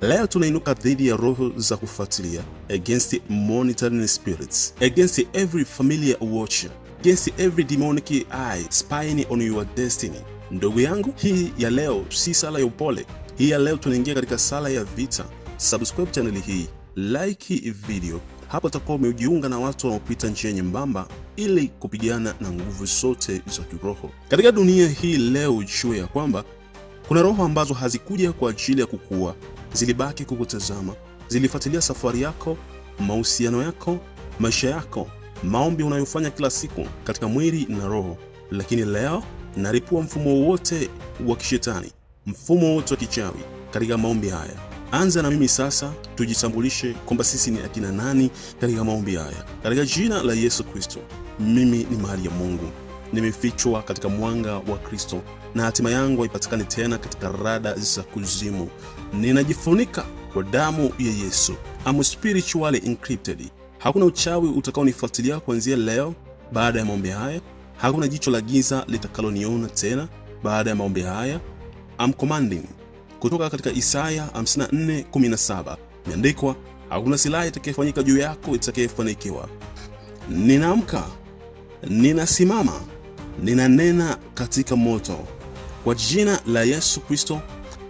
Leo tunainuka dhidi ya roho za kufuatilia, against monitoring spirits, against every familiar watcher, against every demonic eye spying on your destiny. Ndugu yangu, hii ya leo si sala ya upole. Hii ya leo tunaingia katika sala ya vita. Subscribe channel hii, like hii video hapo utakuwa umejiunga na watu wanaopita njia nyembamba ili kupigana na nguvu zote za kiroho katika dunia hii. Leo ujue ya kwamba kuna roho ambazo hazikuja kwa ajili ya kukua, zilibaki kukutazama, zilifuatilia safari yako, mahusiano yako, maisha yako, maombi unayofanya kila siku katika mwili na roho. Lakini leo naripua mfumo wote wa kishetani, mfumo wote wa kichawi katika maombi haya. Anza na mimi sasa, tujitambulishe kwamba sisi ni akina nani katika maombi haya. Katika jina la Yesu Kristo, mimi ni mahali ya Mungu nimefichwa katika mwanga wa Kristo, na hatima yangu haipatikani tena katika rada za kuzimu. Ninajifunika kwa damu ya Yesu. I'm spiritually encrypted. Hakuna uchawi utakaonifuatilia kuanzia leo. Baada ya maombi haya, hakuna jicho la giza litakaloniona tena. Baada ya maombi haya, I'm commanding kutoka katika Isaya 54:17 imeandikwa, hakuna silaha itakayofanyika juu yako itakayefanikiwa. Ninaamka, ninasimama Ninanena katika moto kwa jina la Yesu Kristo.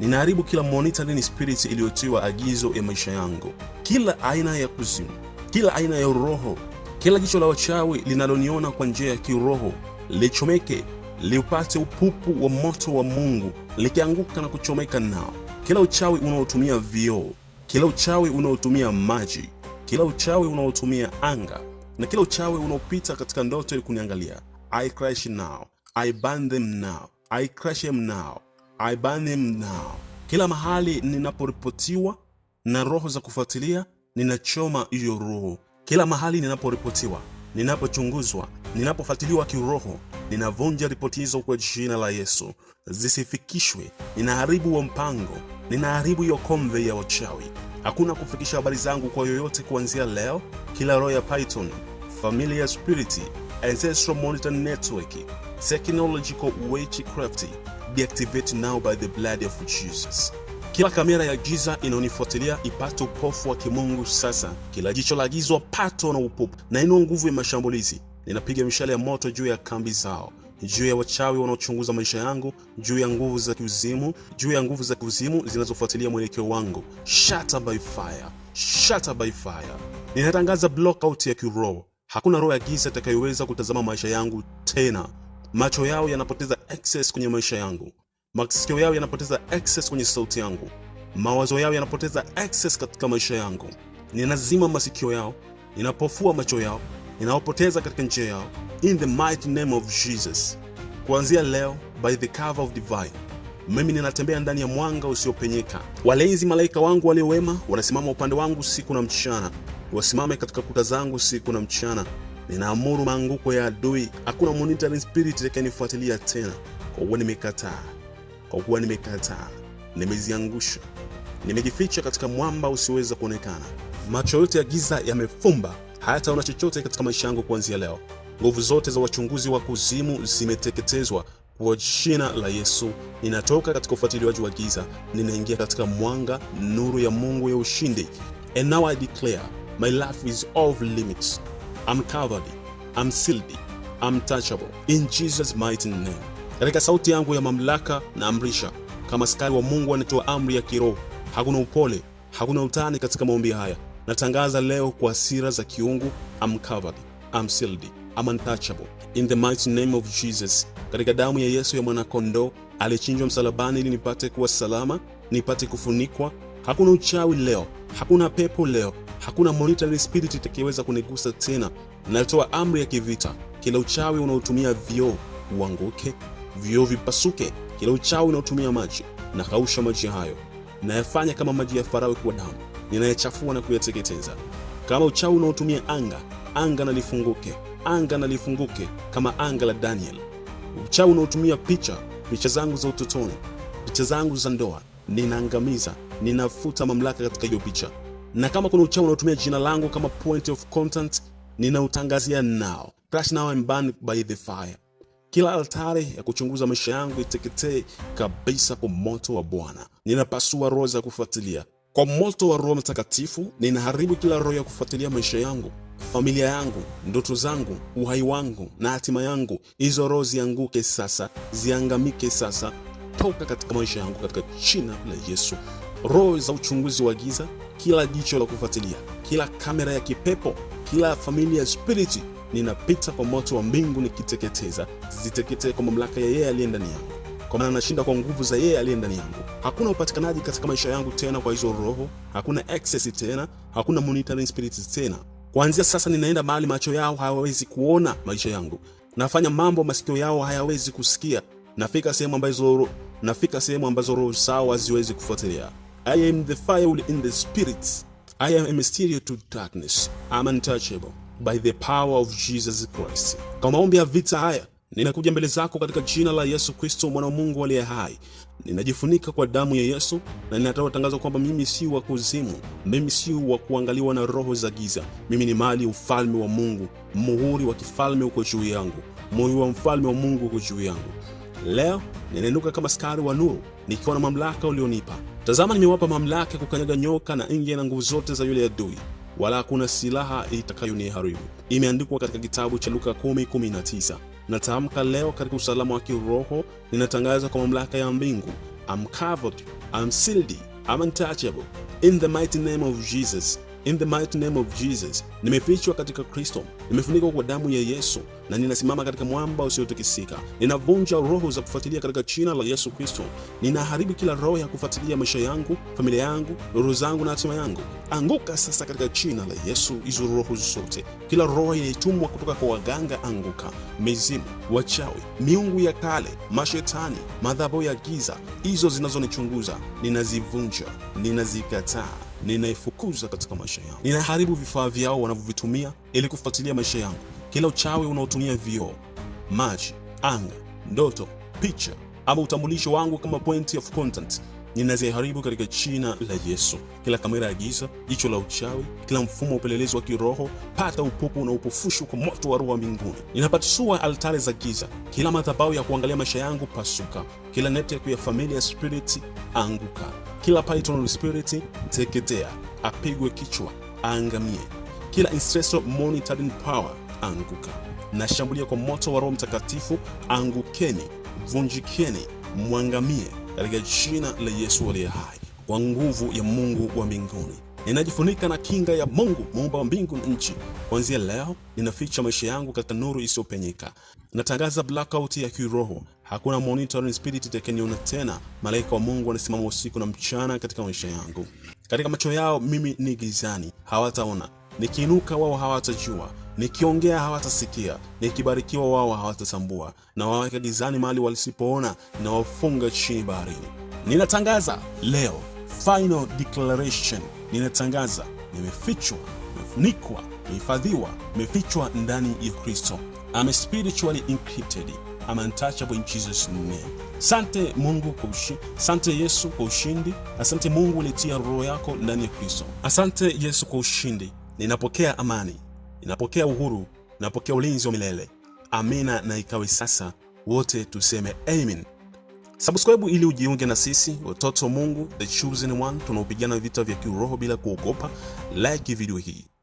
Ninaharibu kila monitoring spirit iliyotiwa agizo ya maisha yangu, kila aina ya kuzimu, kila aina ya roho, kila jicho la wachawi linaloniona kwa njia ya kiroho lichomeke, liupate upupu wa moto wa Mungu, likianguka na kuchomeka nao. Kila uchawi unaotumia vioo, kila uchawi unaotumia maji, kila uchawi unaotumia anga na kila uchawi unaopita katika ndoto ili kuniangalia I crush now, I burn them now, I crush them now, I burn them now. Kila mahali ninaporipotiwa na roho za kufuatilia, ninachoma hiyo roho. Kila mahali ninaporipotiwa, ninapochunguzwa, ninapofuatiliwa kiroho, ninavunja ripoti hizo kwa jina la Yesu, zisifikishwe. Ninaharibu wa mpango, ninaharibu hiyo konve ya wachawi. Hakuna kufikisha habari zangu kwa yoyote kuanzia leo. Kila roho ya python, familia ya spiriti ancestral monitor network, technological witchcraft, deactivate now by the blood of Jesus. Kila kamera ya giza inaonifuatilia ipate upofu wa kimungu sasa. Kila jicho la giza pato na upofu, na ino nguvu ya mashambulizi, ninapiga mishale ya moto juu ya kambi zao, juu ya wachawi wanaochunguza maisha yangu, juu ya nguvu za kuzimu, juu ya nguvu za kuzimu zinazofuatilia mwelekeo wangu. Shatter by fire, shatter by fire. Ninatangaza blockout ya kiroho Hakuna roho ya giza itakayoweza kutazama maisha yangu tena. Macho yao yanapoteza access kwenye maisha yangu, masikio yao yanapoteza access kwenye sauti yangu, mawazo yao yanapoteza access katika maisha yangu. Ninazima masikio yao, ninapofua macho yao, ninawapoteza katika njia yao, in the mighty name of Jesus. Kuanzia leo, by the cover of divine mimi ninatembea ndani ya mwanga usiopenyeka. Walinzi malaika wangu walio wema wanasimama upande wangu siku na mchana wasimame katika kuta zangu siku na mchana. Ninaamuru maanguko ya adui, hakuna monitoring spirit itakayenifuatilia tena, kwa kuwa nimekataa, kwa kuwa nimekataa, nimeziangusha, nimejificha katika mwamba usioweza kuonekana. Macho yote ya giza yamefumba, hayataona chochote katika maisha yangu kuanzia leo. Nguvu zote za wachunguzi wa kuzimu zimeteketezwa kwa jina la Yesu. Ninatoka katika ufuatiliwaji wa giza, ninaingia katika mwanga, nuru ya Mungu ya ushindi. And now I declare My life is off limits. I'm covered. I'm sealed. I'm touchable. In Jesus mighty name. Katika sauti yangu ya mamlaka na amrisha kama askari wa Mungu anatoa amri ya kiroho. Hakuna upole, hakuna utani katika maombi haya. Natangaza leo kwa hasira za kiungu, I'm covered, I'm sealed, I'm untouchable in the mighty name of Jesus. Katika damu ya Yesu ya mwanakondoo aliyechinjwa msalabani ili nipate kuwa salama, nipate kufunikwa. Hakuna uchawi leo, hakuna pepo leo, Hakuna monetary spirit itakayeweza kunigusa tena. Natoa amri ya kivita, kila uchawi unaotumia vioo uanguke, vioo vipasuke, kila uchawi unaotumia maji. Nakausha maji hayo, nayafanya kama maji ya farao kuwa damu, ninayachafua na kuyateketeza. Kama uchawi unaotumia anga, anga nalifunguke, anga nalifunguke kama anga la Daniel. Uchawi unaotumia picha, picha zangu za utotoni, picha zangu za ndoa, ninaangamiza, ninafuta mamlaka katika hiyo picha na kama kuna uchawi unaotumia jina langu kama point of contact, ninautangazia nao. Crash now and burn by the fire. Kila altari ya kuchunguza maisha yangu iteketee kabisa kwa moto wa Bwana. Ninapasua roho za kufuatilia kwa moto wa Roho Mtakatifu. Ninaharibu kila roho ya kufuatilia maisha yangu, familia yangu, ndoto zangu, uhai wangu na hatima yangu. Hizo roho zianguke sasa, ziangamike sasa, toka katika maisha yangu katika jina la Yesu. Roho za uchunguzi wa giza kila jicho la kufuatilia, kila kamera ya kipepo, kila familia ya spiriti. Ninapita kwa moto wa mbingu nikiteketeza, ziteketee kwa mamlaka ya yeye aliye ndani yangu, kwa maana nashinda kwa nguvu za yeye aliye ndani yangu. Hakuna upatikanaji katika maisha yangu tena kwa hizo roho, hakuna access tena, hakuna monitoring spirits tena. Kuanzia sasa ninaenda mahali macho yao hayawezi kuona maisha yangu, nafanya mambo masikio yao hayawezi kusikia, nafika sehemu ambazo nafika sehemu ambazo roho zao haziwezi kufuatilia. I am the fire in the spirit. I am a mystery to darkness. I'm untouchable by the power of Jesus Christ. Kwa maombi ya vita haya ninakuja mbele zako katika jina la Yesu Kristo mwana wa Mungu aliye hai. Ninajifunika kwa damu ya Yesu na ninatoa tangazo kwamba mimi si wa kuzimu, mimi si wa kuangaliwa na roho za giza. Mimi ni mali ya ufalme wa Mungu. Muhuri wa kifalme uko juu yangu, moyo wa mfalme wa Mungu uko juu yangu. Leo ninainuka kama askari wa nuru nikiwa na mamlaka ulionipa Tazama, nimewapa mamlaka ya kukanyaga nyoka na nge na nguvu zote za yule adui, wala hakuna silaha itakayoniharibu. Imeandikwa katika kitabu cha Luka 10:19. Natamka leo katika usalama wa kiroho, ninatangaza kwa mamlaka ya mbingu, I'm covered, I'm sealed, I'm untouchable in the mighty name of Jesus. In the mighty name of Jesus, nimefichwa katika Kristo, nimefunikwa kwa damu ya Yesu, na ninasimama katika mwamba usiotikisika. Ninavunja roho za kufuatilia katika jina la Yesu Kristo. Ninaharibu kila roho ya kufuatilia maisha yangu, familia yangu, roho zangu na hatima yangu. Anguka sasa katika jina la Yesu, hizo roho zote, kila roho inayotumwa kutoka kwa waganga, anguka. Mizimu, wachawi, miungu ya kale, mashetani, madhabahu ya giza, hizo zinazonichunguza, ninazivunja, ninazikataa, ninaifukuza katika maisha yangu. Ninaharibu vifaa vyao wanavyovitumia ili kufuatilia maisha yangu kila uchawi unaotumia vioo, maji, anga, ndoto, picha ama utambulisho wangu kama point of content ninaziharibu katika jina la Yesu. Kila kamera ya giza, jicho la uchawi, kila mfumo wa upelelezi wa kiroho, pata upupu na upofushu kwa moto wa roho wa mbinguni. Ninapasua altare za giza, kila madhabahu ya kuangalia maisha yangu pasuka, kila network ya familia spirit anguka, kila python spirit teketea, apigwe kichwa, aangamie, kila ancestral monitoring power anguka. Nashambulia kwa moto wa Roho Mtakatifu, angukeni, vunjikeni, mwangamie katika jina la Yesu aliye hai, kwa nguvu ya Mungu wa mbinguni. Ninajifunika na kinga ya Mungu muumba wa mbingu na nchi. Kuanzia leo, ninaficha maisha yangu katika nuru isiyopenyeka. Natangaza blackout ya kiroho. Hakuna monitoring spirit itakayeniona tena. Malaika wa Mungu wanasimama usiku na mchana katika maisha yangu. Katika macho yao mimi ni gizani, hawataona. Nikiinuka wao hawatajua. Nikiongea hawatasikia, nikibarikiwa wao hawatatambua, na waweke gizani mahali walisipoona, na wafunge chini baharini. Ninatangaza leo final declaration. Ninatangaza nimefichwa, nimefunikwa, nimehifadhiwa, nimefichwa ndani ya Kristo. I'm spiritually encrypted. I'm untouchable in Jesus name. Sante Mungu kwa ushindi. Sante Yesu kwa ushindi. Asante Mungu ulitia roho yako ndani ya Kristo. Asante Yesu kwa ushindi. Ninapokea amani inapokea uhuru, inapokea ulinzi wa milele. Amina, na ikawe sasa. Wote tuseme amen. Subscribe ili ujiunge na sisi watoto wa Mungu, the chosen one, tunaopigana vita vya kiroho bila kuogopa. Like video hii.